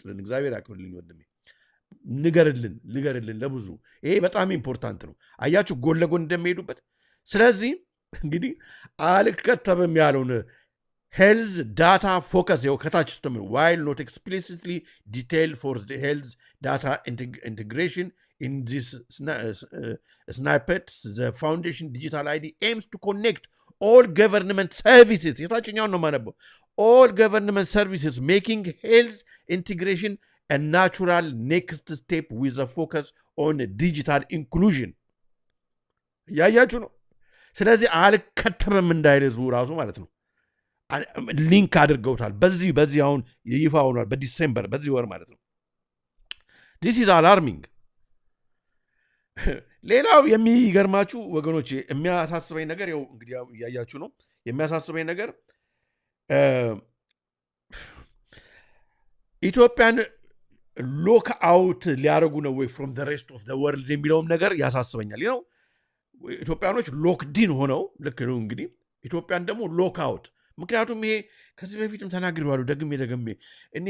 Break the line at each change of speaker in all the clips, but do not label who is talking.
ስለን እግዚአብሔር ያክብርልኝ ወንድሜ። ንገርልን ንገርልን ለብዙ ይሄ በጣም ኢምፖርታንት ነው። አያችሁ ጎን ለጎን እንደሚሄዱበት። ስለዚህ እንግዲህ አልከተብም ያለውን ሄልዝ ዳታ ፎከስ ው ከታች ስ ዋይል ኖት ኤክስፕሊሲትሊ ዲቴል ፎር ሄልዝ ዳታ ኢንቴግሬሽን ኢን ዚስ ስናይፐት ዘ ፋውንዴሽን ዲጂታል አይዲ ኤምስ ቱ ኮኔክት ኦል ገቨርንመንት ሰርቪስስ የታችኛውን ነው ማነበው ኦል ገቨርንመንት ሰርቪስስ ሜኪንግ ሄልዝ ኢንቴግሬሽን ናቹራል ኔክስት ስቴፕ ዊዝ ፎከስ ኦን ዲጂታል ኢንክሉዥን እያያችሁ ነው። ስለዚህ አልከተምም እንዳይል ህዝቡ ራሱ ማለት ነው ሊንክ አድርገውታል። በዚህ በዚህ አሁን ይፋ ሆኗል። በዲሴምበር በዚህ ወር ማለት ነው። ዲስ ኢዝ አላርሚንግ ሌላው የሚገርማችሁ ወገኖች የሚያሳስበኝ ነገር ው እንግዲህ እያያችሁ ነው። የሚያሳስበኝ ነገር ኢትዮጵያን ሎክ አውት ሊያደርጉ ነው ወይ ፍሮም ሬስት ኦፍ ወርልድ የሚለውም ነገር ያሳስበኛል ነው ኢትዮጵያኖች ሎክዲን ሆነው ልክ ነው እንግዲህ ኢትዮጵያን ደግሞ ሎክ አውት ምክንያቱም ይሄ ከዚህ በፊትም ተናግሬዋለሁ ደግሜ ደግሜ እኔ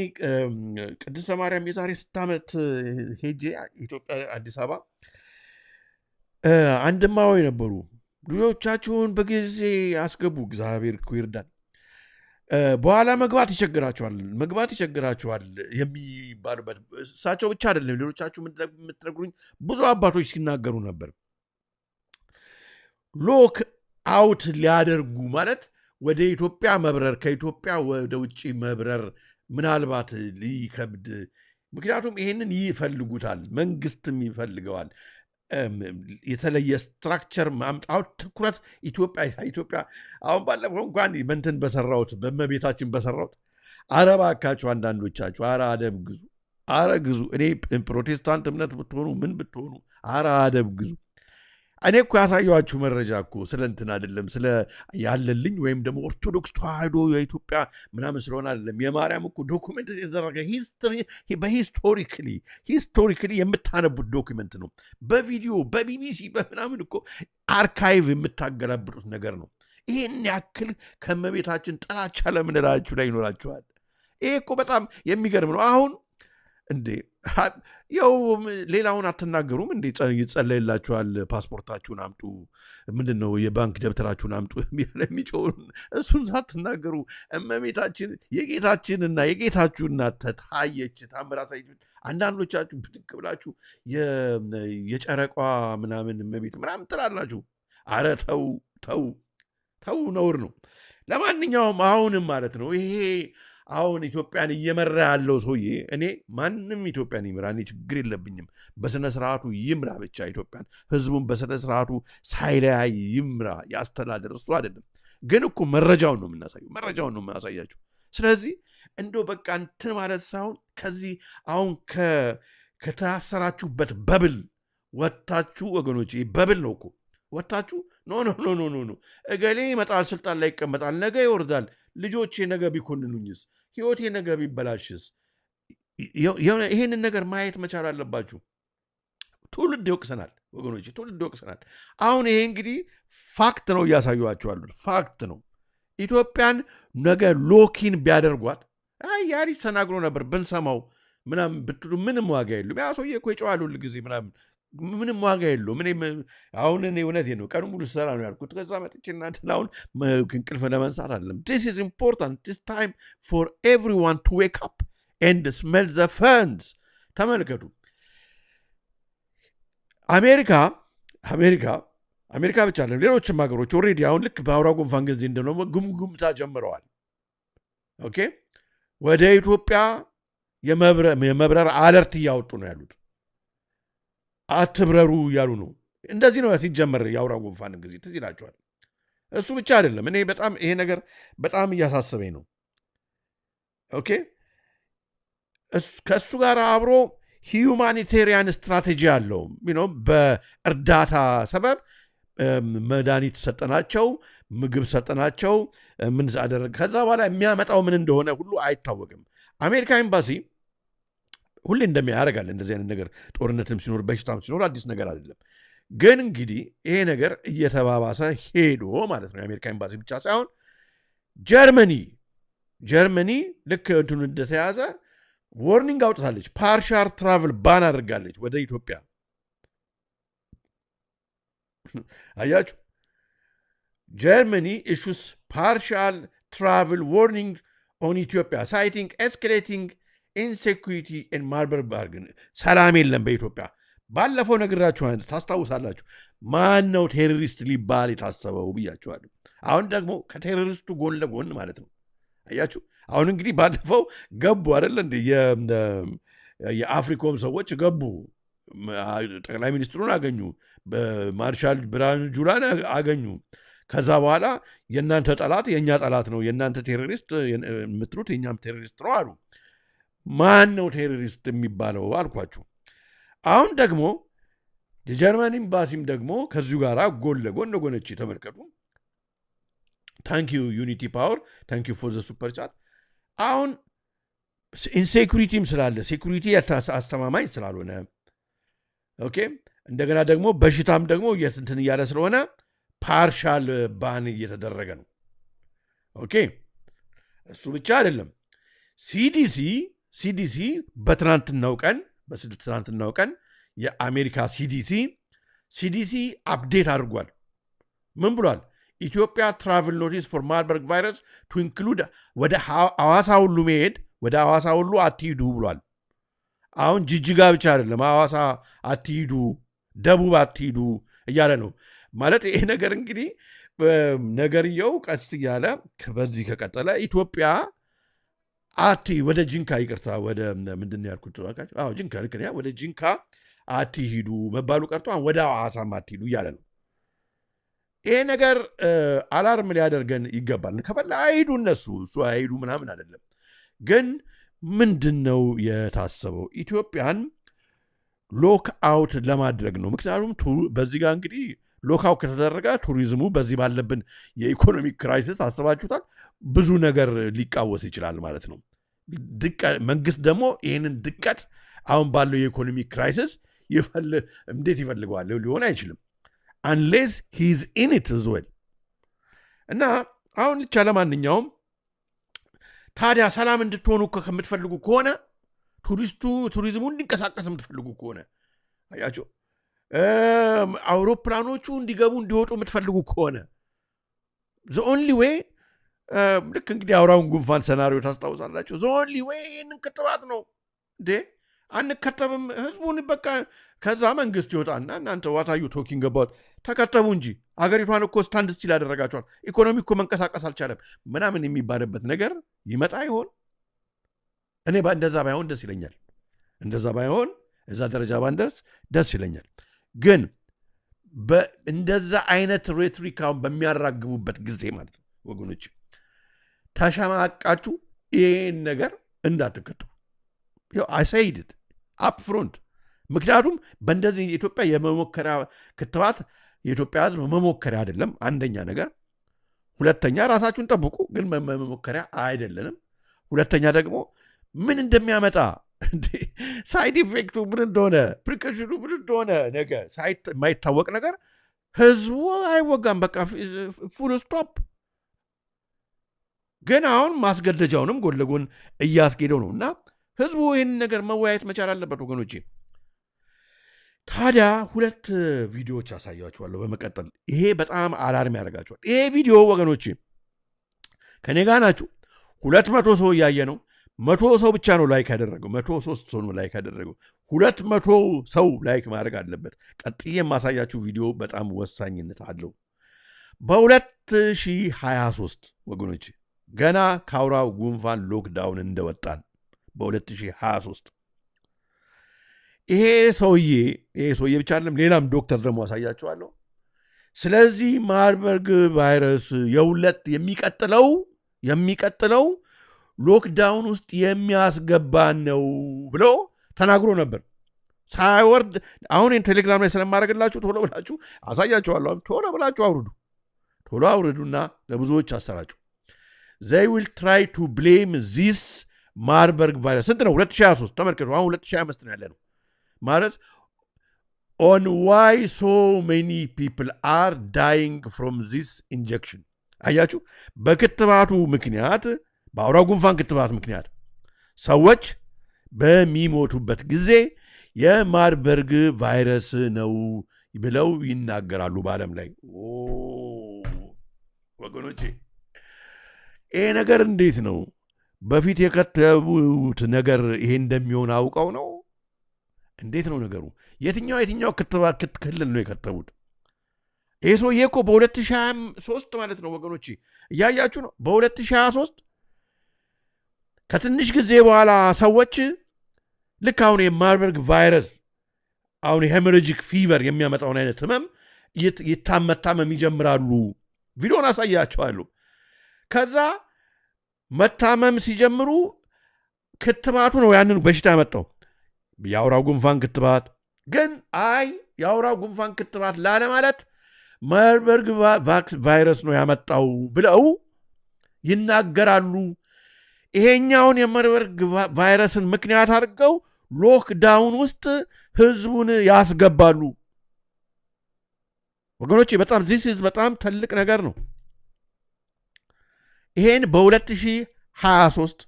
ቅድስተ ማርያም የዛሬ ስት ዓመት ሄጄ ኢትዮጵያ አዲስ አበባ አንድማዊ ነበሩ። ልጆቻችሁን በጊዜ አስገቡ። እግዚአብሔር ይርዳን። በኋላ መግባት ይቸግራቸዋል፣ መግባት ይቸግራቸዋል የሚባሉበት እሳቸው ብቻ አይደለም፣ ሌሎቻችሁ የምትነግሩኝ ብዙ አባቶች ሲናገሩ ነበር። ሎክ አውት ሊያደርጉ ማለት ወደ ኢትዮጵያ መብረር፣ ከኢትዮጵያ ወደ ውጭ መብረር ምናልባት ሊከብድ፣ ምክንያቱም ይህንን ይፈልጉታል፣ መንግስትም ይፈልገዋል። የተለየ ስትራክቸር ማምጣው ትኩረት ኢትዮጵያ ኢትዮጵያ አሁን ባለፈው እንኳን መንትን በሰራሁት በመቤታችን በሰራሁት አረባ አካችሁ አንዳንዶቻችሁ አረ አደብ ግዙ፣ አረ ግዙ። እኔ ፕሮቴስታንት እምነት ብትሆኑ ምን ብትሆኑ አረ አደብ ግዙ። እኔ እኮ ያሳየኋችሁ መረጃ እኮ ስለ እንትን አይደለም ስለ ያለልኝ ወይም ደግሞ ኦርቶዶክስ ተዋህዶ የኢትዮጵያ ምናምን ስለሆነ አይደለም። የማርያም እኮ ዶኩመንት የተደረገ በሂስቶሪክሊ ሂስቶሪክሊ የምታነቡት ዶኩመንት ነው። በቪዲዮ በቢቢሲ በምናምን እኮ አርካይቭ የምታገላብጡት ነገር ነው። ይህን ያክል ከመቤታችን ጥላቻ ለምንላችሁ ላይ ይኖራችኋል። ይሄ እኮ በጣም የሚገርም ነው አሁን እንዴ ያው ሌላውን አትናገሩም እንዴ? ይጸለይላችኋል። ፓስፖርታችሁን አምጡ፣ ምንድን ነው የባንክ ደብተራችሁን አምጡ የሚጮውን እሱን ሳትናገሩ እመቤታችን የጌታችንና የጌታችሁና ተታየች ታምራሳይ አንዳንዶቻችሁ ብድቅ ብላችሁ የጨረቋ ምናምን እመቤት ምናምን ትላላችሁ። አረ ተው ተው ተው፣ ነውር ነው። ለማንኛውም አሁንም ማለት ነው ይሄ አሁን ኢትዮጵያን እየመራ ያለው ሰውዬ እኔ ማንም ኢትዮጵያን ይምራ፣ እኔ ችግር የለብኝም። በስነ ስርዓቱ ይምራ ብቻ ኢትዮጵያን፣ ህዝቡን በስነ ስርዓቱ ሳይለያይ ይምራ ያስተዳደር። እሱ አይደለም ግን እኮ መረጃውን ነው የምናሳየው፣ መረጃውን ነው የምናሳያቸው። ስለዚህ እንደው በቃ እንትን ማለት ሳይሆን ከዚህ አሁን ከታሰራችሁበት በብል ወታችሁ ወገኖች፣ በብል ነው እኮ ወታችሁ ኖ ኖ ኖ ኖ ኖ እገሌ ይመጣል ስልጣን ላይ ይቀመጣል፣ ነገ ይወርዳል፣ ልጆቼ ነገ ቢኮንኑኝስ? ህይወቴ ነገ ቢበላሽስ? ይህንን ነገር ማየት መቻል አለባችሁ። ትውልድ ይወቅሰናል ወገኖች፣ ትውልድ ይወቅሰናል። አሁን ይሄ እንግዲህ ፋክት ነው እያሳዩቸዋሉ፣ ፋክት ነው። ኢትዮጵያን ነገ ሎኪን ቢያደርጓት ያሪ ተናግሮ ነበር ብንሰማው ምናምን ብትሉ ምንም ዋጋ የሉም። ያ ሰውዬ እኮ ይጨዋል ሁል ጊዜ ምናምን ምንም ዋጋ የለውም። እኔ አሁን እኔ እውነት ነው ቀኑ ሙሉ ሰራ ነው ያልኩት። ከዛ መጥቼ እናንተን አሁን እንቅልፍ ለመንሳት አለም ዲስ ኢዝ ኢምፖርታንት ዲስ ታይም ፎር ኤቭሪዋን ቱ ዌክ አፕ ኤንድ ስሜል ዘ ፈንስ። ተመልከቱ አሜሪካ አሜሪካ አሜሪካ ብቻ አለም ሌሎችም ሀገሮች ኦልሬዲ አሁን ልክ በአውራ ጉንፋን ጊዜ እንደሆነ ጉምጉምታ ጀምረዋል። ኦኬ ወደ ኢትዮጵያ የመብረር አለርት እያወጡ ነው ያሉት አትብረሩ እያሉ ነው። እንደዚህ ነው ሲጀመር የአውራ ጉንፋን ጊዜ ትዝ ይላቸዋል። እሱ ብቻ አይደለም። እኔ በጣም ይሄ ነገር በጣም እያሳሰበኝ ነው። ኦኬ ከእሱ ጋር አብሮ ሂዩማኒቴሪያን ስትራቴጂ አለው። በእርዳታ ሰበብ መድኃኒት ሰጠናቸው፣ ምግብ ሰጠናቸው፣ ምን አደረግ ከዛ በኋላ የሚያመጣው ምን እንደሆነ ሁሉ አይታወቅም። አሜሪካ ኤምባሲ ሁሌ እንደሚያደርጋል እንደዚህ አይነት ነገር ጦርነትም ሲኖር በሽታም ሲኖር አዲስ ነገር አይደለም። ግን እንግዲህ ይሄ ነገር እየተባባሰ ሄዶ ማለት ነው። የአሜሪካ ኤምባሲ ብቻ ሳይሆን ጀርመኒ ጀርመኒ ልክ እንትኑ እንደተያዘ ወርኒንግ አውጥታለች። ፓርሻል ትራቭል ባን አድርጋለች ወደ ኢትዮጵያ። አያችሁ ጀርመኒ ኢሹስ ፓርሻል ትራቭል ዎርኒንግ ኦን ኢትዮጵያ ሳይቲንግ ኤስክሌቲንግ ኢንሴኩሪቲ ማርበር ባርግን ሰላም የለም በኢትዮጵያ። ባለፈው ነግራችሁ ታስታውሳላችሁ። ማን ነው ቴሮሪስት ሊባል የታሰበው ብያችኋለሁ። አሁን ደግሞ ከቴሮሪስቱ ጎን ለጎን ማለት ነው። አያችሁ አሁን እንግዲህ ባለፈው ገቡ አደለ እንደ የአፍሪኮም ሰዎች ገቡ። ጠቅላይ ሚኒስትሩን አገኙ፣ ማርሻል ብራን ጁላን አገኙ። ከዛ በኋላ የእናንተ ጠላት የእኛ ጠላት ነው፣ የእናንተ ቴሮሪስት የምትሉት የእኛም ቴሮሪስት ነው አሉ። ማን ነው ቴሮሪስት የሚባለው አልኳችሁ። አሁን ደግሞ የጀርመን ኤምባሲም ደግሞ ከዚሁ ጋር ጎን ለጎን ጎነች። ተመልከቱ። ታንክ ዩ ዩኒቲ ፓወር ታንክ ዩ ፎር ዘ ሱፐር ቻት። አሁን ኢንሴኩሪቲም ስላለ ሴኩሪቲ አስተማማኝ ስላልሆነ ኦኬ፣ እንደገና ደግሞ በሽታም ደግሞ እንትን እያለ ስለሆነ ፓርሻል ባን እየተደረገ ነው። ኦኬ፣ እሱ ብቻ አይደለም ሲዲሲ ሲዲሲ በትናንትናው ቀን በትናንትናው ቀን የአሜሪካ ሲዲሲ ሲዲሲ አፕዴት አድርጓል። ምን ብሏል? ኢትዮጵያ ትራቭል ኖቲስ ፎር ማርበርግ ቫይረስ ቱ ኢንክሉድ ወደ አዋሳ ሁሉ መሄድ ወደ አዋሳ ሁሉ አትሂዱ ብሏል። አሁን ጅጅጋ ብቻ አይደለም፣ አዋሳ አትሂዱ፣ ደቡብ አትሂዱ እያለ ነው ማለት ይሄ ነገር እንግዲህ ነገርየው ቀስ እያለ በዚህ ከቀጠለ ኢትዮጵያ አቲ ወደ ጂንካ ይቅርታ፣ ወደ ምንድን ያልኩት? ቃቸው አዎ ጂንካ ልክ ነህ። ወደ ጂንካ ሂዱ መባሉ ቀርቶ ወደ አቲ ሂዱ እያለ ነው። ይሄ ነገር አላርም ሊያደርገን ይገባል። ከፈለ አይሂዱ እነሱ እሱ አይሂዱ ምናምን አይደለም። ግን ምንድን ነው የታሰበው? ኢትዮጵያን ሎክ አውት ለማድረግ ነው። ምክንያቱም በዚህ ጋር እንግዲህ ሎካው ከተደረገ ቱሪዝሙ በዚህ ባለብን የኢኮኖሚ ክራይሲስ አስባችሁታል፣ ብዙ ነገር ሊቃወስ ይችላል ማለት ነው። መንግስት ደግሞ ይህንን ድቀት አሁን ባለው የኢኮኖሚ ክራይሲስ እንዴት ይፈልገዋል? ሊሆን አይችልም። አንሌስ ሂዝ ኢንት ዝወል እና አሁን ልቻ ለማንኛውም ታዲያ ሰላም እንድትሆኑ ከምትፈልጉ ከሆነ ቱሪስቱ ቱሪዝሙ እንዲንቀሳቀስ የምትፈልጉ ከሆነ አያቸው አውሮፕላኖቹ እንዲገቡ እንዲወጡ የምትፈልጉ ከሆነ ዘኦንሊ ዌይ ልክ እንግዲህ አውራውን ጉንፋን ሰናሪዮ ታስታውሳላችሁ። ዘኦንሊ ኦንሊ ዌይ ይህንን ክትባት ነው እንዴ አንከተብም። ህዝቡን በቃ ከዛ መንግስት ይወጣና እናንተ ዋታዩ ቶኪንግ ገባት ተከተቡ እንጂ አገሪቷን እኮ ስታንድ ስቲል ያደረጋቸዋል፣ ኢኮኖሚ እኮ መንቀሳቀስ አልቻለም ምናምን የሚባልበት ነገር ይመጣ ይሆን? እኔ እንደዛ ባይሆን ደስ ይለኛል። እንደዛ ባይሆን እዛ ደረጃ ባንደርስ ደስ ይለኛል። ግን እንደዛ አይነት ሬትሪካውን በሚያራግቡበት ጊዜ ማለት ነው ወገኖች ተሸማቃችሁ ይህን ነገር እንዳትከቱ አይሳይድት አፕፍሮንት ምክንያቱም በእንደዚህ የኢትዮጵያ የመሞከሪያ ክትባት የኢትዮጵያ ህዝብ መሞከሪያ አይደለም አንደኛ ነገር ሁለተኛ ራሳችሁን ጠብቁ ግን መሞከሪያ አይደለንም ሁለተኛ ደግሞ ምን እንደሚያመጣ ሳይድ ኢፌክቱ ምን እንደሆነ ፕሪኮሽኑ ምን እንደሆነ ነገ የማይታወቅ ነገር ህዝቡ አይወጋም። በቃ ፉል ስቶፕ። ግን አሁን ማስገደጃውንም ጎን ለጎን እያስጌደው ነው እና ህዝቡ ይህን ነገር መወያየት መቻል አለበት ወገኖቼ። ታዲያ ሁለት ቪዲዮዎች አሳያችኋለሁ በመቀጠል። ይሄ በጣም አላርም ያደርጋችኋል። ይሄ ቪዲዮ ወገኖቼ ከኔ ጋር ናችሁ። ሁለት መቶ ሰው እያየ ነው መቶ ሰው ብቻ ነው ላይክ ያደረገው። መቶ ሶስት ሰው ነው ላይክ ያደረገው። ሁለት መቶ ሰው ላይክ ማድረግ አለበት። ቀጥዬ የማሳያችሁ ቪዲዮ በጣም ወሳኝነት አለው። በ2023 ወገኖች ገና ከአውራው ጉንፋን ሎክዳውን እንደወጣን በ2023 ይሄ ሰውዬ ይሄ ሰውዬ ብቻ አይደለም፣ ሌላም ዶክተር ደግሞ አሳያችኋለሁ። ስለዚህ ማርበርግ ቫይረስ የሁለት የሚቀጥለው የሚቀጥለው ሎክዳውን ውስጥ የሚያስገባን ነው ብሎ ተናግሮ ነበር። ሳይወርድ አሁን ቴሌግራም ላይ ስለማድረግላችሁ ቶሎ ብላችሁ አሳያችኋለሁ። ቶሎ ብላችሁ አውርዱ፣ ቶሎ አውርዱና ለብዙዎች አሰራጩ። ዘይ ዊል ትራይ ቱ ብሌም ዚስ ማርበርግ ቫይረስ ስንት ነው? 2023 ተመልከቱ። አሁን 2025 ነው ያለ ነው ማለት ኦን ዋይ ሶ ሜኒ ፒፕል አር ዳይንግ ፍሮም ዚስ ኢንጀክሽን አያችሁ፣ በክትባቱ ምክንያት በአውራ ጉንፋን ክትባት ምክንያት ሰዎች በሚሞቱበት ጊዜ የማርበርግ ቫይረስ ነው ብለው ይናገራሉ። በዓለም ላይ ወገኖቼ ይሄ ነገር እንዴት ነው? በፊት የከተቡት ነገር ይሄ እንደሚሆን አውቀው ነው? እንዴት ነው ነገሩ? የትኛው የትኛው ክትባት ክልል ነው የከተቡት? ይሄ ሰውዬ እኮ በ2023 ማለት ነው ወገኖቼ፣ እያያችሁ ነው። በ2023 ከትንሽ ጊዜ በኋላ ሰዎች ልክ አሁን የማርበርግ ቫይረስ አሁን የሄሞሮጂክ ፊቨር የሚያመጣውን አይነት ህመም ይታመታመም ይጀምራሉ። ቪዲዮን አሳያቸዋሉ። ከዛ መታመም ሲጀምሩ ክትባቱ ነው ያንን በሽታ ያመጣው የአውራ ጉንፋን ክትባት። ግን አይ የአውራ ጉንፋን ክትባት ላለማለት ማርበርግ ቫይረስ ነው ያመጣው ብለው ይናገራሉ። ይሄኛውን የመርበርግ ቫይረስን ምክንያት አድርገው ሎክዳውን ውስጥ ህዝቡን ያስገባሉ። ወገኖች በጣም ዚስ ኢዝ በጣም ትልቅ ነገር ነው። ይሄን በ2023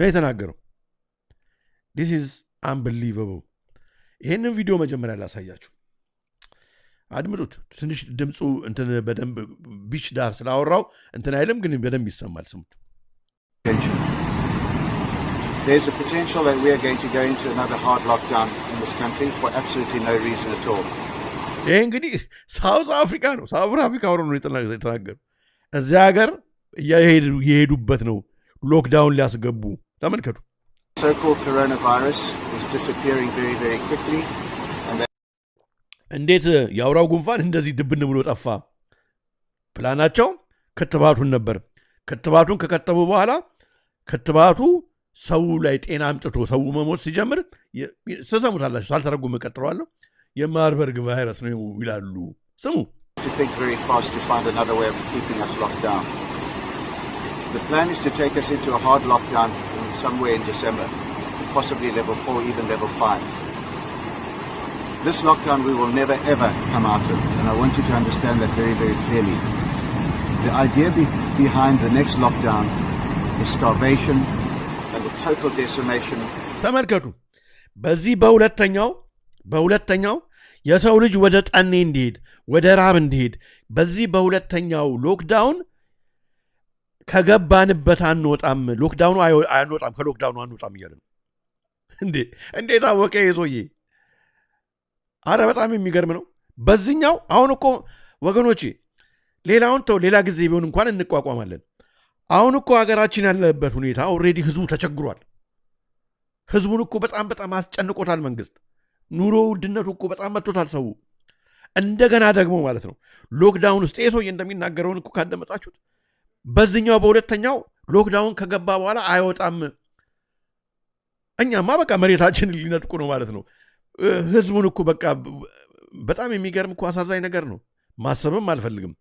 ነው የተናገረው። ዲስ ኢዝ አንብሊቨብል። ይሄንን ቪዲዮ መጀመሪያ ላሳያችሁ፣ አድምጡት። ትንሽ ድምፁ እንትን በደንብ ቢች ዳር ስላወራው እንትን አይልም፣ ግን በደንብ ይሰማል። ስሙት።
There's a potential that we are going to go into another hard lockdown in this country for absolutely no reason at all.
ይህ እንግዲህ ሳውዝ አፍሪካ ነው። ሳውዝ አፍሪካ ሆኖ ነው የተናገሩ። እዚያ ሀገር እየሄዱበት ነው ሎክዳውን ሊያስገቡ። ተመልከቱ። እንዴት የአውራው ጉንፋን እንደዚህ ድብን ብሎ ጠፋ? ፕላናቸው ክትባቱን ነበር። ክትባቱን ከከተቡ በኋላ ክትባቱ ሰው ላይ ጤና አምጥቶ ሰው መሞት ሲጀምር ስሰሙታላችሁ፣ ሳልተረጉም እቀጥለዋለሁ። የማርበርግ ቫይረስ ነው ይላሉ። ስሙ
This lockdown we will never ever come out of, and I want you to understand that very, very clearly. The idea be behind the next lockdown
ተመልከቱ። በዚህ በሁለተኛው በሁለተኛው የሰው ልጅ ወደ ጠኔ እንዲሄድ ወደ ራብ እንዲሄድ በዚህ በሁለተኛው ሎክዳውን ከገባንበት አንወጣም፣ ሎክዳውኑ አንወጣም፣ ከሎክዳውኑ አንወጣም እያለ ነው እንዴ! እንዴት አወቀ የሰውዬ? አረ በጣም የሚገርም ነው። በዚህኛው አሁን እኮ ወገኖቼ ሌላውን ተው፣ ሌላ ጊዜ ቢሆን እንኳን እንቋቋማለን። አሁን እኮ ሀገራችን ያለበት ሁኔታ ኦልሬዲ ህዝቡ ተቸግሯል። ህዝቡን እኮ በጣም በጣም አስጨንቆታል መንግስት። ኑሮ ውድነቱ እኮ በጣም መጥቶታል ሰው። እንደገና ደግሞ ማለት ነው ሎክዳውን ውስጥ ሰውዬ እንደሚናገረውን እኮ ካደመጣችሁት በዚህኛው በሁለተኛው ሎክዳውን ከገባ በኋላ አይወጣም። እኛማ በቃ መሬታችን ሊነጥቁ ነው ማለት ነው። ህዝቡን እኮ በቃ በጣም የሚገርም እኮ አሳዛኝ ነገር ነው። ማሰብም አልፈልግም።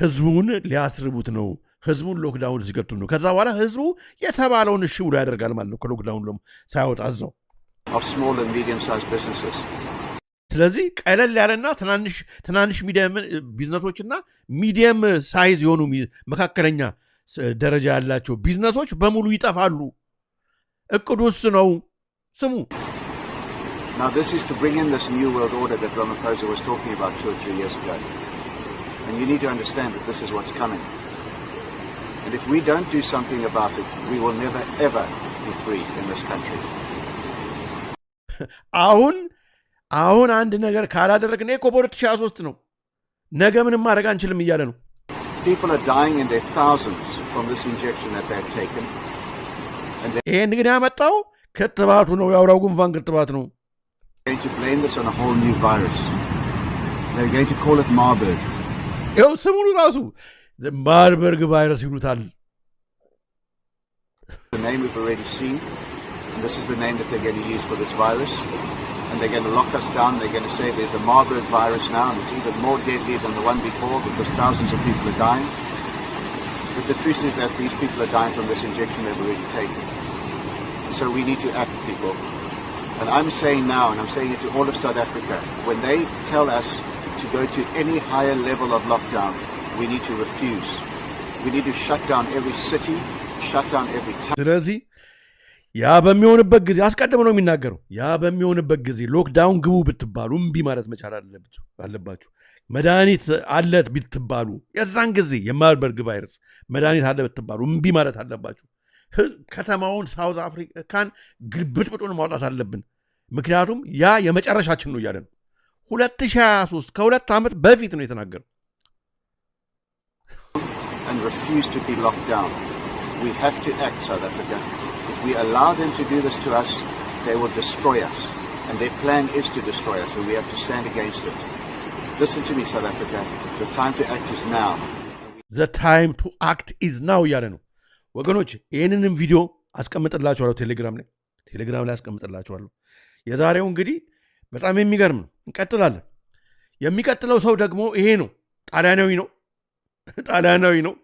ህዝቡን ሊያስርቡት ነው። ህዝቡን ሎክዳውን ሲገቱ ነው። ከዛ በኋላ ህዝቡ የተባለውን እሺ ብሎ ያደርጋል ማለት ነው። ከሎክዳውን ሳያወጣ እዛው። ስለዚህ ቀለል ያለና ትናንሽ ሚዲየም ቢዝነሶችና ሚዲየም ሳይዝ የሆኑ መካከለኛ ደረጃ ያላቸው ቢዝነሶች በሙሉ ይጠፋሉ። እቅዱስ ነው። ስሙ
Now this is to bring in this new world order that Ramaphosa was talking about two or three years ago. And you need to understand that this is what's coming. And if we don't do something about it, we will never, ever be free in this country.
አሁን አሁን አንድ ነገር 2023 ነው ነገ ምንም ማድረግ አንችልም እያለ ነው
people are dying in their thousands from this injection that they've taken.
ይህን ግን ያመጣው ክትባቱ ነው፣ የአውራው ጉንፋን ክትባት ነው።
They're going to blame this on a whole new virus. They're going to call it Marburg.
The name
we've already seen, and this is the name that they're going to use for this virus. And they're going to lock us down. They're going to say there's a Marburg virus now, and it's even more deadly than the one before because thousands of people are dying. But the truth is that these people are dying from this injection they've already taken. So we need to act, people. And I'm saying now, and I'm saying it to all of South Africa, when they tell us to go to any higher level of lockdown, we need to refuse. We need to shut down every city, shut down every
town. ያ በሚሆንበት ጊዜ አስቀድሞ ነው የሚናገረው። ያ በሚሆንበት ጊዜ ሎክዳውን ግቡ ብትባሉ እምቢ ማለት መቻል አለባችሁ። መድኃኒት አለ ብትባሉ የዛን ጊዜ የማርበርግ ቫይረስ መድኃኒት አለ ብትባሉ እምቢ ማለት አለባችሁ። ከተማውን ሳውዝ አፍሪካን ግልብጥብጡን ማውጣት አለብን። ምክንያቱም ያ የመጨረሻችን ነው እያለ ነው 2023 ከሁለት ዓመት በፊት ነው የተናገረው። ዘ ታይም ቱ አክት ኢዝ ናው እያለ ነው ወገኖች። ይህንንም ቪዲዮ አስቀምጥላችኋለሁ ቴሌግራም ላይ ቴሌግራም ላይ አስቀምጥላችኋለሁ። የዛሬው እንግዲህ በጣም የሚገርም ነው። እንቀጥላለን። የሚቀጥለው ሰው ደግሞ ይሄ ነው። ጣሊያናዊ ነው። ጣሊያናዊ ነው።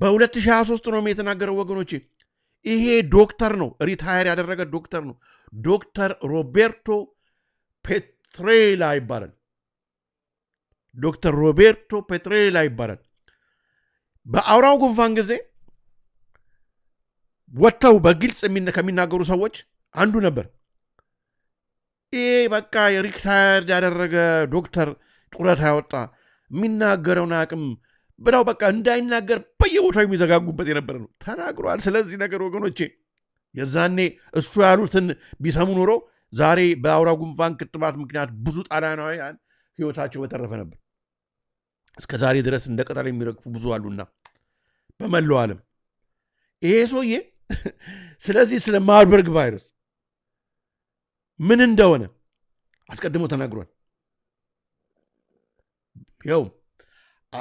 በ2023 ነው የተናገረው ወገኖቼ። ይሄ ዶክተር ነው፣ ሪታየር ያደረገ ዶክተር ነው። ዶክተር ሮቤርቶ ፔትሬላ ይባላል። ዶክተር ሮቤርቶ ፔትሬላ ይባላል። በአውራው ጉንፋን ጊዜ ወጥተው በግልጽ ከሚናገሩ ሰዎች አንዱ ነበር። ይሄ በቃ የሪክታየርድ ያደረገ ዶክተር ጡረታ ያወጣ የሚናገረውን አቅም ብለው በቃ እንዳይናገር በየቦታው የሚዘጋጉበት የነበረ ነው ተናግሯል። ስለዚህ ነገር ወገኖቼ የዛኔ እሱ ያሉትን ቢሰሙ ኖሮ ዛሬ በአውራ ጉንፋን ክትባት ምክንያት ብዙ ጣሊያናውያን ሕይወታቸው በተረፈ ነበር። እስከ ዛሬ ድረስ እንደ ቅጠል የሚረግፉ ብዙ አሉና በመላው ዓለም ይሄ ሰውዬ ስለዚህ ስለ ማርበርግ ቫይረስ ምን እንደሆነ አስቀድሞ ተናግሯል። ው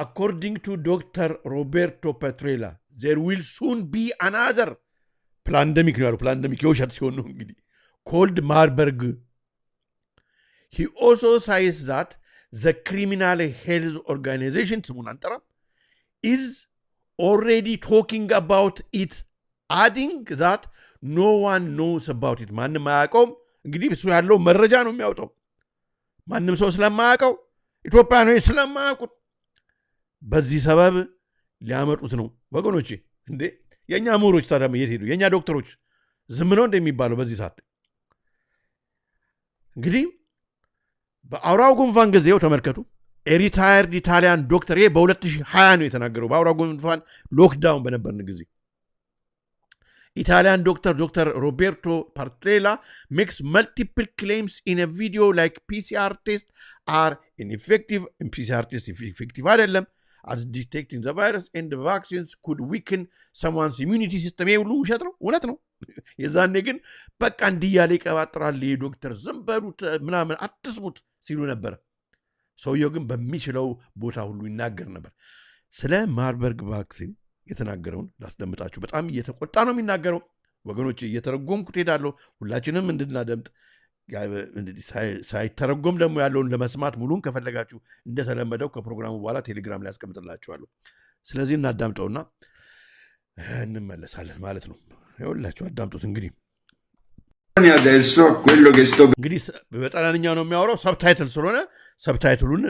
አኮርዲንግ ቱ ዶክተር ሮቤርቶ ፐትሬላ ዜር ዊል ሱን ቢ አናዘር ፕላንደሚክ ነው ያሉ። ፕላንደሚክ የውሸት ሲሆን ነው እንግዲህ ኮልድ ማርበርግ ሂ ኦሶ ሳይስ ዛት ዘ ክሪሚናል ሄልዝ ኦርጋናይዜሽን ስሙን አንጠራም ኢዝ ኦሬዲ ቶኪንግ አባውት ኢት አዲንግ ዛት ኖ ዋን ኖውስ አባውት ኢት ማንም አያውቀውም እንግዲህ እሱ ያለው መረጃ ነው የሚያወጣው። ማንም ሰው ስለማያውቀው ነው ስለማያውቁት በዚህ ሰበብ ሊያመጡት ነው ወገኖች እንዴ የእኛ ምሁሮች ታዲያ የት ሄዱ? የእኛ ዶክተሮች ዝም ነው እንደሚባለው በዚህ ሰዓት እንግዲህ በአውራው ጉንፋን ጊዜው ተመልከቱ። ኤሪታየርድ ኢታሊያን ዶክተር ይሄ በ2020 ነው የተናገረው። በአውራ ጉንፋን ሎክዳውን በነበርን ጊዜ Italian doctor, Dr. Roberto Partrella, makes multiple claims in a video like PCR tests are ineffective and PCR tests effective አይደለም as detecting the virus and the vaccines could weaken someone's immunity system የሁሉ ውሸት ነው እውነት ነው የዛኔ ግን በቃ እንዲህ እያለ ይቀባጥራል ይህ ዶክተር ዝም በሉ ምናምን አትስሙት ሲሉ ነበር ሰውየው ግን በሚችለው ቦታ ሁሉ ይናገር ነበር ስለ ማርበርግ ቫክሲን የተናገረውን ላስደምጣችሁ። በጣም እየተቆጣ ነው የሚናገረው። ወገኖች እየተረጎምኩት ትሄዳለሁ። ሁላችንም እንድናደምጥ ሳይተረጎም ደግሞ ያለውን ለመስማት ሙሉን ከፈለጋችሁ እንደተለመደው ከፕሮግራሙ በኋላ ቴሌግራም ላይ ያስቀምጥላችኋለሁ። ስለዚህ እናዳምጠውና እንመለሳለን ማለት ነው። ይኸውላችሁ አዳምጡት። እንግዲህ እንግዲህ በጣሊያንኛ ነው የሚያወራው፣ ሰብታይትል ስለሆነ ሰብታይትሉን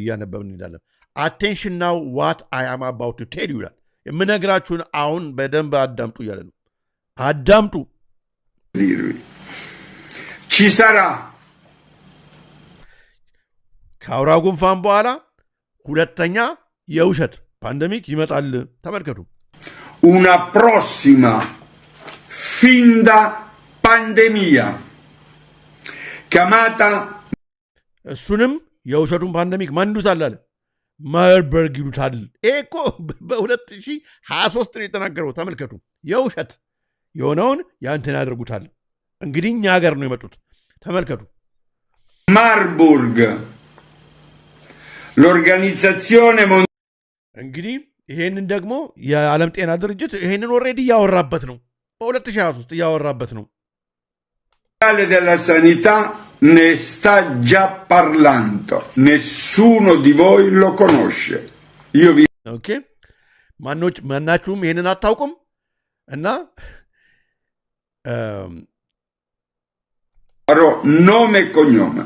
እያነበብን እንሄዳለን። አቴንሽን ናው ዋት አይ አም አባውት ቱ ቴል ይላል የምነግራችሁን አሁን በደንብ አዳምጡ እያለ ነው። አዳምጡ። ሲሰራ ከአውራ ጉንፋን በኋላ ሁለተኛ የውሸት ፓንደሚክ ይመጣል። ተመልከቱ።
ኡና ፕሮሲማ ፊንዳ ፓንደሚያ ከማታ
እሱንም የውሸቱን ፓንደሚክ መንዱታል አለ። ማየርበርግ ይሉታል። ይሄ እኮ በ2023 ነው የተናገረው። ተመልከቱ። የውሸት የሆነውን ያንተን ያደርጉታል። እንግዲህ እኛ ሀገር ነው የመጡት። ተመልከቱ።
ማርቡርግ ሎርጋኒዛሲዮን
እንግዲህ ይሄንን ደግሞ የዓለም ጤና ድርጅት ይሄንን ኦልሬዲ እያወራበት ነው። በ2023 እያወራበት ነው።
ደላ ሳኒታ ne sta già parlando, nessuno di voi lo conosce. Io vi...
ኦኬ ማኖች ማናችሁም ይህንን አታውቁም እና
ኖሜ ኮኞመ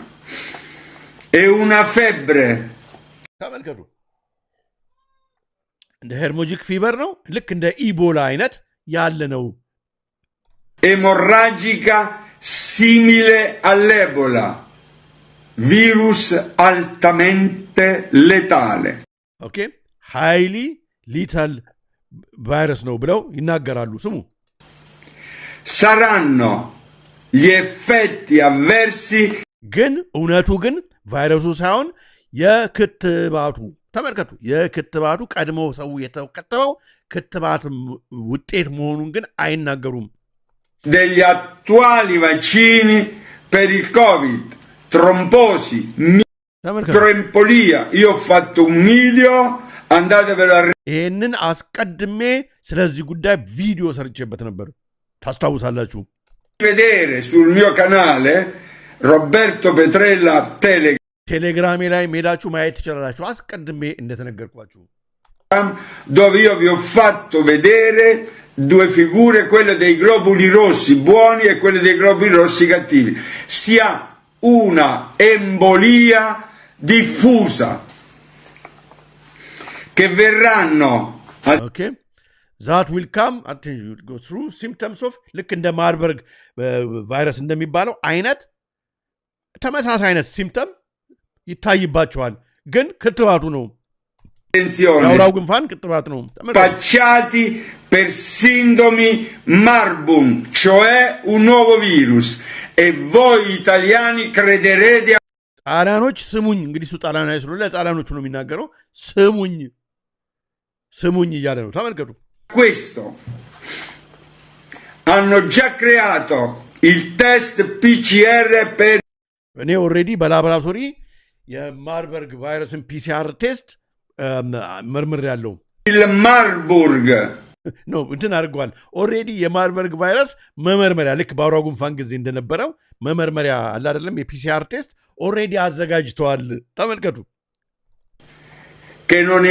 ኤውና ፌብረ
ተመልከቱ እንደ ሄርሞጂክ ፊቨር ነው ልክ እንደ ኢቦላ አይነት ያለ ነው
ኤሞራጂካ simile all'Ebola, virus altamente letale.
ኦኬ ሃይሊ ሊታል ቫይረስ ነው ብለው ይናገራሉ። ስሙ
ሰራኖ የፌት ያቨርሲ
ግን እውነቱ ግን ቫይረሱ ሳይሆን የክትባቱ ተመልከቱ፣ የክትባቱ ቀድሞ ሰው የተከተበው ክትባት ውጤት መሆኑን ግን አይናገሩም።
degli attuali vaccini per il Covid, trombosi, microembolia. Io ho fatto un video, andatevelo a...
ይህንን አስቀድሜ ስለዚህ ጉዳይ ቪዲዮ ሰርቼበት ነበር ታስታውሳላችሁ
vedere sul mio canale Roberto Petrella Telegram
ቴሌግራሜ ላይ ሄዳችሁ ማየት ትችላላችሁ አስቀድሜ እንደተነገርኳችሁ
dove io vi ho fatto vedere due figure, quelle dei globuli rossi buoni e quelle dei globuli rossi cattivi. Si ha una embolia diffusa che verranno
a... okay. that will come until you go through symptoms of ልክ እንደ ማርበርግ ቫይረስ እንደሚባለው አይነት ተመሳሳይ አይነት ሲምፕተም ይታይባቸዋል ግን ክትባቱ ነው የአውራው ጉንፋን ክትባት ነው
facciati per sindomi Marbum, cioè un nuovo virus. E voi italiani crederete a...
ጣሊያኖች ስሙኝ እንግዲህ እሱ ጣሊያናዊ ስለሆነ ለጣሊያኖቹ ነው የሚናገረው ስሙኝ ስሙኝ gli ነው ተመልከቱ
questo hanno già creato il test PCR per
እኔ ኦልሬዲ በላቦራቶሪ የማርበርግ ቫይረስን PCR test, ምርምር ehm, ያለው
il Marburg
ነው እንትን አድርጓል። ኦሬዲ የማርበርግ ቫይረስ መመርመሪያ ልክ በአውራ ጉንፋን ጊዜ እንደነበረው መመርመሪያ አለ አደለም የፒሲአር ቴስት ኦሬዲ አዘጋጅተዋል። ተመልከቱ።
ኖን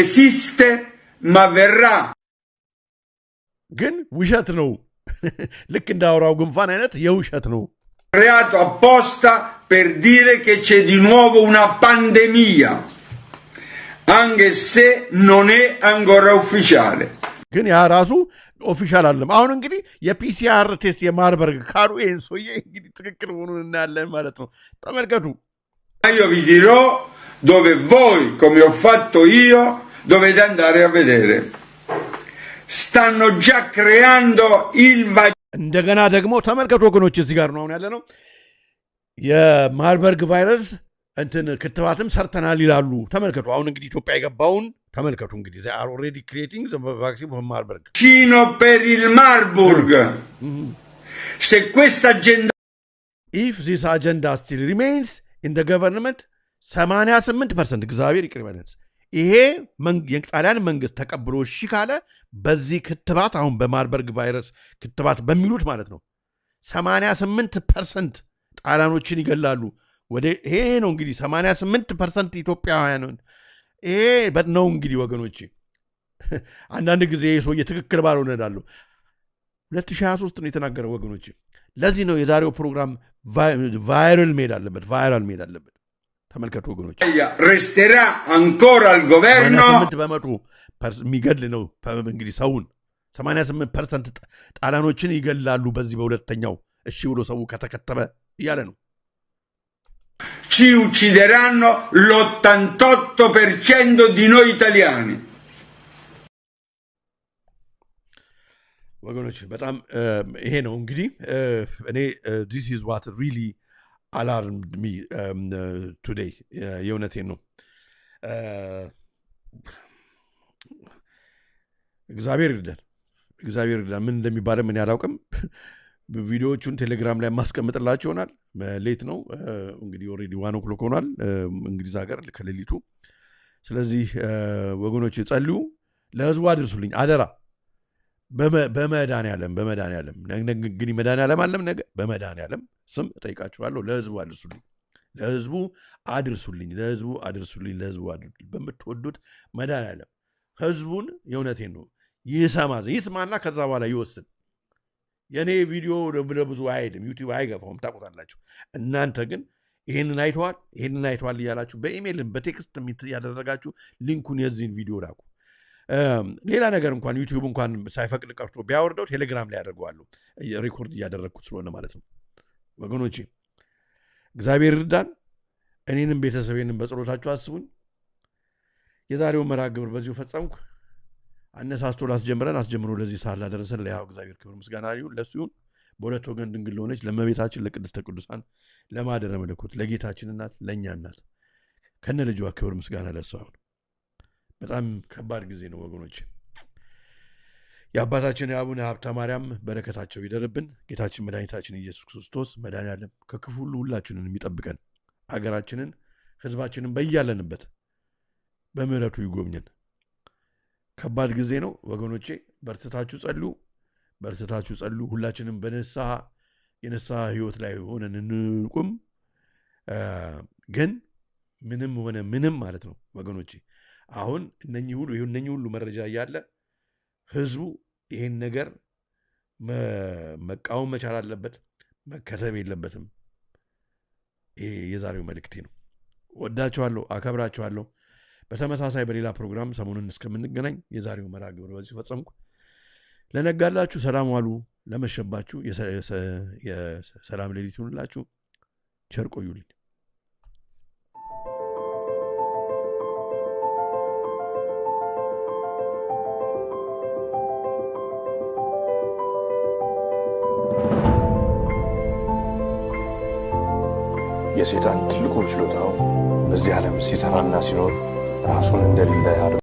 ማቨራ
ግን ውሸት ነው። ልክ እንደ አውራው ጉንፋን አይነት የውሸት ነው።
ሪያቶ አፖስታ per dire che c'è di nuovo una pandemia, anche se non
ግን ያ ራሱ ኦፊሻል አለም። አሁን እንግዲህ የፒሲአር ቴስት የማርበርግ ካሉ ይህን ሰውዬ እንግዲህ ትክክል መሆኑን እናያለን ማለት ነው። ተመልከቱ።
io vi dirò dove voi, come ho fatto io, dovete andare a vedere. stanno già
እንደገና ደግሞ ተመልከቱ ወገኖች፣ እዚህ ጋር ነው አሁን ያለ ነው የማርበርግ ቫይረስ እንትን ክትባትም ሰርተናል ይላሉ። ተመልከቱ አሁን እንግዲህ ኢትዮጵያ የገባውን ተመልከቱ እንግዲህ ዘይ አር ኦልሬዲ ክሪኤቲንግ ዘ ቫክሲን ፎር ማርበርግ
ቺኖ ፔሪል ማርቡርግ ሴ ኩስት አጀንዳ
ኢፍ ዚስ አጀንዳ ስቲል ሪሜይንስ ኢን ዘ ገቨርንመንት 88 ፐርሰንት እግዚአብሔር ይቅር ይበለን ይሄ የጣሊያን መንግስት ተቀብሎ እሺ ካለ በዚህ ክትባት አሁን በማርበርግ ቫይረስ ክትባት በሚሉት ማለት ነው 88 ፐርሰንት ጣሊያኖችን ይገላሉ። ወደ ይሄ ነው እንግዲህ 88 ፐርሰንት ኢትዮጵያውያንን ይሄ ነው እንግዲህ ወገኖች አንዳንድ ጊዜ ይህ ሰውዬ ትክክል ባልሆነ እላለሁ። 2023 ነው ወገኖች ለዚህ ነው የዛሬው ፕሮግራም ቫይራል መሄድ አለበት፣ ቫይራል መሄድ አለበት። ተመልከቱ ወገኖች፣
ሬስቴራ አንኮራ አልጎቨርኖ ስምንት
በመቶ የሚገድል ነው እንግዲህ ሰውን 88 ፐርሰንት ጣሊያኖችን ይገላሉ በዚህ በሁለተኛው እሺ ብሎ ሰው ከተከተበ እያለ ነው።
Ci uccideranno l'88% di noi italiani.
ወገኖች በጣም ይሄ ነው እንግዲህ እኔ ዲስ ኢዝ ዋት ሪሊ አላርምድ ሚ ቱዴይ የእውነቴን ነው እግዚአብሔር ይርዳን እግዚአብሔር ይርዳን ምን እንደሚባለ ምን ያላውቅም ቪዲዮዎቹን ቴሌግራም ላይ ማስቀምጥላቸው ይሆናል። ሌት ነው እንግዲህ ኦሬዲ ዋን ኦክሎክ ሆኗል እንግሊዝ ሀገር ከሌሊቱ። ስለዚህ ወገኖች ጸልዩ፣ ለህዝቡ አድርሱልኝ አደራ። በመዳን በመዳን ያለም ያለም ግን መዳን ያለም አለም ነገ በመዳን ያለም ስም ጠይቃችኋለሁ ለህዝቡ አድርሱልኝ፣ ለህዝቡ አድርሱልኝ፣ ለህዝቡ አድርሱልኝ፣ ለህዝቡ አድርሱልኝ። በምትወዱት መዳን ያለም ህዝቡን የእውነቴን ነው ይህ ሰማ ይህ ስማና ከዛ በኋላ ይወስን። የእኔ ቪዲዮ ለብዙ አይሄድም፣ ዩቲዩብ አይገፋውም፣ ታቆታላችሁ እናንተ ግን ይህንን አይተዋል፣ ይህንን አይተዋል እያላችሁ በኢሜይልም በቴክስት ያደረጋችሁ ሊንኩን የዚህን ቪዲዮ ላኩ። ሌላ ነገር እንኳን ዩቲዩብ እንኳን ሳይፈቅድ ቀርቶ ቢያወርደው ቴሌግራም ላይ ያደርገዋሉ። ሪኮርድ እያደረግኩት ስለሆነ ማለት ነው። ወገኖቼ እግዚአብሔር ርዳን። እኔንም ቤተሰቤንም በጸሎታችሁ አስቡኝ። የዛሬውን መርሃ ግብር በዚሁ ፈጸምኩ። አነሳስቶ ላስጀምረን አስጀምሮ ለዚህ ሰዓት ላደረሰን ለያው እግዚአብሔር ክብር ምስጋና ይሁን ለሱ ይሁን። በሁለት ወገን ድንግል ለሆነች ለመቤታችን ለቅድስተ ቅዱሳን ለማደረ መለኮት ለጌታችን እናት ለእኛ እናት ከነ ልጅዋ ክብር ምስጋና ለሱ ይሁን። በጣም ከባድ ጊዜ ነው ወገኖች። የአባታችን የአቡነ ሀብተ ማርያም በረከታቸው ይደርብን። ጌታችን መድኃኒታችን ኢየሱስ ክርስቶስ መድኃኔዓለም ከክፉ ሁሉ ሁላችንን የሚጠብቀን አገራችንን ህዝባችንን በያለንበት በምሕረቱ ይጎብኘን። ከባድ ጊዜ ነው ወገኖቼ። በርትታችሁ ጸሉ፣ በርትታችሁ ጸሉ። ሁላችንም በንስሐ የንስሐ ህይወት ላይ ሆነን እንቁም። ግን ምንም ሆነ ምንም ማለት ነው ወገኖቼ አሁን እነኚህ ሁሉ እነኚህ ሁሉ መረጃ እያለ ህዝቡ ይሄን ነገር መቃወም መቻል አለበት፣ መከተብ የለበትም። ይሄ የዛሬው መልእክቴ ነው። ወዳችኋለሁ፣ አከብራችኋለሁ። በተመሳሳይ በሌላ ፕሮግራም ሰሞኑን እስከምንገናኝ የዛሬው መራ ግብር በዚህ ፈጸምኩ። ለነጋላችሁ ሰላም ዋሉ፣ ለመሸባችሁ የሰላም ሌሊት ይሁንላችሁ። ቸር ቆዩልኝ። የሴጣን ትልቁ ችሎታው እዚህ ዓለም ሲሰራና ሲኖር ራሱን እንደሌለ ያደ